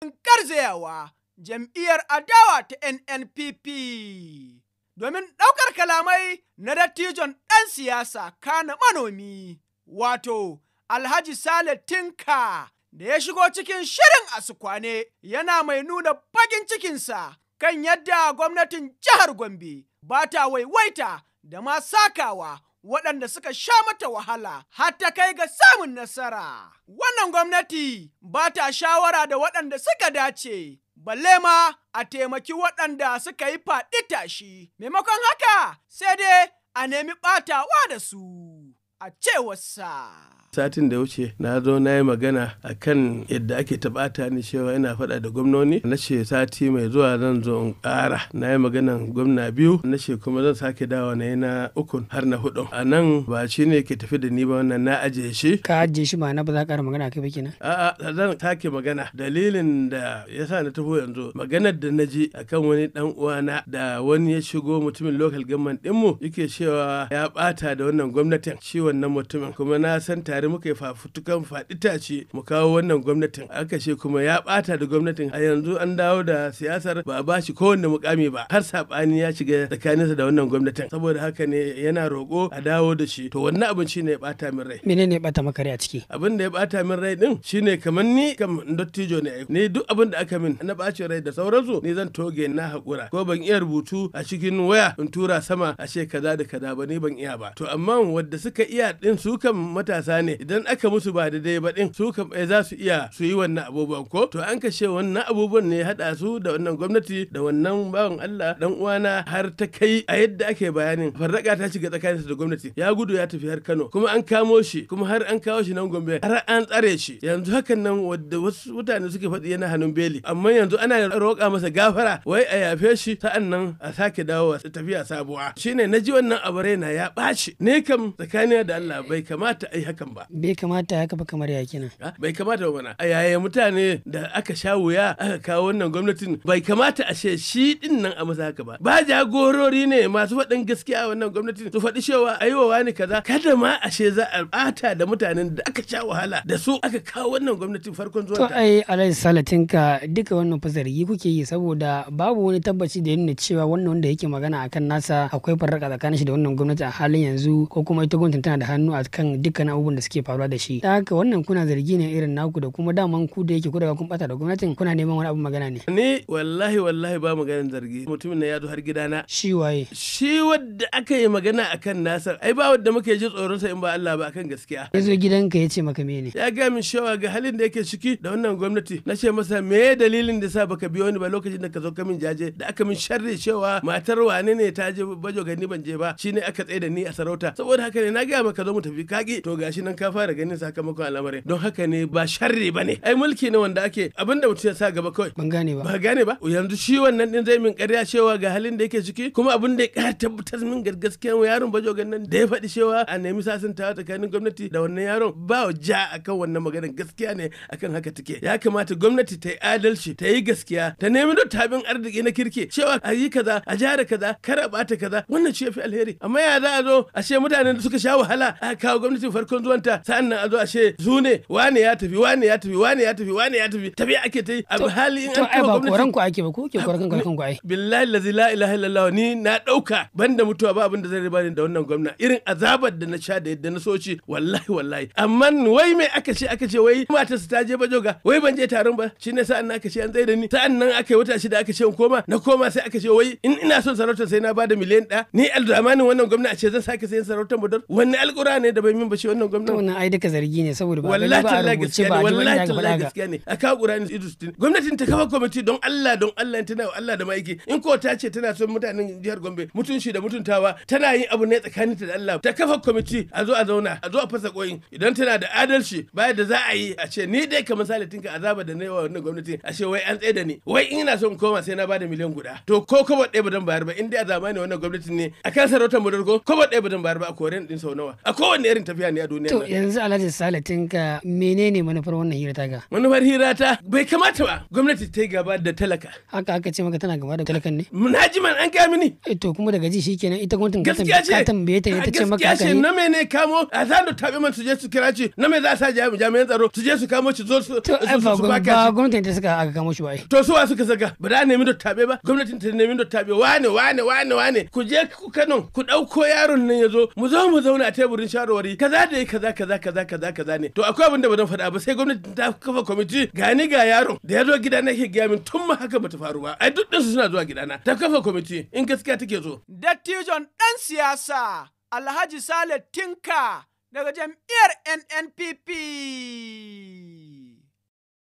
garzayawa jam'iyyar adawa ta NNPP. Domin ɗaukar kalamai na dattijon ɗan siyasa kana manomi, wato Alhaji Sale Tinka da ya shigo cikin shirin asukwane yana mai nuna bakin cikinsa kan yadda gwamnatin jihar Gombe ba ta waiwaita da ma sakawa waɗanda suka sha mata wahala har ta kai ga samun nasara. Wannan gwamnati ba ta shawara da waɗanda suka dace, balle ma a taimaki waɗanda suka yi faɗi tashi, maimakon haka sai dai a nemi ɓatawa da su. a cewarsa. Satin da wuce na zo na yi magana a kan yadda ake taɓata ni cewa yana faɗa da gwamnoni na ce sati mai zuwa zan zo in ƙara na yi maganan gwamna biyu na ce kuma zan sake dawa na yi na ukun har na hudu a nan ba shi ne ke tafi da ni ba wannan na aje shi. Ka aje shi na ba za ka magana kai ba kenan. A'a zan sake magana dalilin da ya sa na taho yanzu maganar da na ji kan wani dan uwana da wani ya shigo mutumin lokal government ɗinmu yake cewa ya ɓata da wannan gwamnatin ciwo wannan mutumin kuma na san tare muka yi fafutukan faɗi ce mu kawo wannan gwamnatin aka ce kuma ya ɓata da gwamnatin a yanzu an dawo da siyasar ba a ba shi kowanne mukami ba har saɓani ya shiga tsakaninsa da wannan gwamnatin saboda haka ne yana roƙo a dawo da shi to wannan abin ne ya ɓata min rai menene ya ɓata maka rai a ciki abin da ya ɓata min rai din shine kamar ni kam dattijo ne ni duk abin da aka min na ɓaci rai da sauransu ni zan toge na haƙura ko ban iya rubutu a cikin waya in tura sama a ce kaza da kaza ba ni ban iya ba to amma wadda suka iya iya din su kan matasa ne idan aka musu ba da dai ba din su kan eh, za su iya su yi wannan abubuwan ko to an kashe wannan abubuwan ne hada su da wannan gwamnati da wannan bawan Allah dan uwana har ta kai a yadda ake bayanin farraka ta shiga tsakaninsa da gwamnati ya gudu ya tafi har Kano kuma an kamo shi kuma har an kawo shi nan Gombe har an tsare shi yanzu hakan nan wadda wasu mutane suke faɗi yana hannun beli amma yanzu ana roƙa masa gafara wai a yafe shi sa'an nan a sake dawowa tafiya sabuwa shine naji wannan abu na ya ɓaci ne kam tsakanin da Allah bai kamata ai hakan ba bai kamata haka ba kamar ya kina ah, bai kamata ba a yaya mutane da aka sha wuya aka kawo wannan gwamnatin bai kamata a ce shi din nan a masa haka ba ba jagorori ne masu faɗin gaskiya wannan gwamnatin su faɗi cewa yi wa wani kaza kada ma a ce za a bata da mutanen da aka sha wahala da su aka kawo wannan gwamnatin farkon zuwa to ai alai ka. duka wannan fasargi kuke yi saboda babu wani tabbaci da nuna cewa wannan wanda yake magana akan nasa akwai farraka tsakanin shi da wannan gwamnati a halin yanzu ko kuma ita gwamnatin da hannu a kan dukkan abubuwan da suke faruwa da shi ta haka wannan kuna zargi ne irin naku da kuma daman ku da yake ku kun bata da gwamnatin kuna neman wani abu magana ne ni wallahi wallahi ba maganin zargi mutumin na ya zo har gidana shi waye shi wadda aka yi magana akan nasar ai ba wadda muke ji tsoron sa in ba Allah ba akan gaskiya ya zo gidanka ya ce maka mene ya ga min shawa ga halin da yake ciki da wannan gwamnati na ce masa me dalilin da sa baka biyo ni ba lokacin da ka zo ka min jaje da aka min sharri cewa matar wane ne ta je bajo gani ban je ba shine aka tsaye da ni a sarauta saboda haka ne na ga ka zo mu tafi kaki to gashi nan ka fara ganin sakamakon al'amarin don haka ne ba sharri bane ai mulki ne wanda ake abinda mutum ya sa gaba kawai ban gane ba ba gane ba yanzu shi wannan din zai min karya cewa ga halin da yake ciki kuma abin da ya ƙara tabbatar min gaskiya yaron bajogan nan da ya faɗi cewa a nemi ta tsakanin gwamnati da wannan yaron ba ja akan wannan maganar gaskiya ne akan haka take ya kamata gwamnati ta yi adalci ta yi gaskiya ta nemi dottabin arziki na kirki cewa a yi kaza a jihar kaza kar a bata kaza wannan ce fi alheri amma ya za a zo a ce mutanen da suka sha wahala a kawo gwamnatin farkon zuwanta sa'an nan a zo a ce zu ne wane ya tafi wane ya tafi wane ya tafi wane ya tafi tafi ake ta yi a hali in an kawo gwamnati. Koran ake ba ko ke koran kan ku ai. Billahi lazi la ilaha illallah ni na ɗauka banda mutuwa ba abin da zai riba ni da wannan gwamna irin azabar da na sha da yadda na soci wallahi wallahi amma wai mai aka ce aka ce wai matarsa ta je bajoga wai ban je taron ba shi ne sa'an nan aka ce an tsaye da ni sa'an nan aka yi wata shida aka ce in koma na koma sai aka ce wai in ina son sarautar sai na bada miliyan ɗaya ni alzamanin wannan gwamna a ce zan sake sayan sarautar budar wani alƙura ne da bai min ba wannan gwamnati wannan ai duka zargi ne saboda ba wallahi tallahi gaskiya ne wallahi tallahi gaskiya ne a kawo ƙura ne idus din gwamnatin ta kafa kwamiti don Allah don Allah tana Allah da ma'aiki in ko ta ce tana son mutanen jihar Gombe mutunci da mutuntawa tana yin abu ne tsakaninta da Allah ta kafa kwamiti a zo a zauna a zo a fasa koyin idan tana da adalci bayan da za a yi a ce ni dai ka misali tinka azaba da na wannan gwamnati a ce wai an tsaye da ni wai ina son koma sai na bada miliyan guda to ko kobo ɗaya ba dan bayar ba in dai a zamani wannan gwamnatin ne a sarautar mu ko kobo ɗaya ba dan bayar ba a koren din sau nawa a kowanne irin tafiya ne a duniya to yanzu alhaji salatin ka menene manufar wannan hira ta ga manufar hira ta bai kamata ba gwamnati ta yi gaba da talaka haka aka ce maka tana gaba da talakan ne na ji man an kai mini eh to kuma daga ji shikenan ita gwamnatin ka tambaye ta ita ce maka haka ne na mene kamo a za ta tabe man su je su kira ci na me za sa jami'an tsaro su je su kamo ci zo su su ba gwamnatin ta suka aka kamo shi ba to su wa suka saka ba da nemi tabe ba gwamnatin ta nemi tabe wane wane wane wane ku je ku Kano ku dauko yaron nan yazo mu zo mu zauna teburin shawarwari kaza da kaza kaza kaza kaza kaza ne to akwai abin da ba faɗa ba sai gwamnati ta kafa kwamiti ga ni ga yaron da ya zo gida na ke gaya tun ma haka bata faru ba ai duk su suna zuwa gidana ta kafa kwamiti in gaskiya take zo dattijon dan siyasa alhaji sale tinka daga jam'iyyar nnpp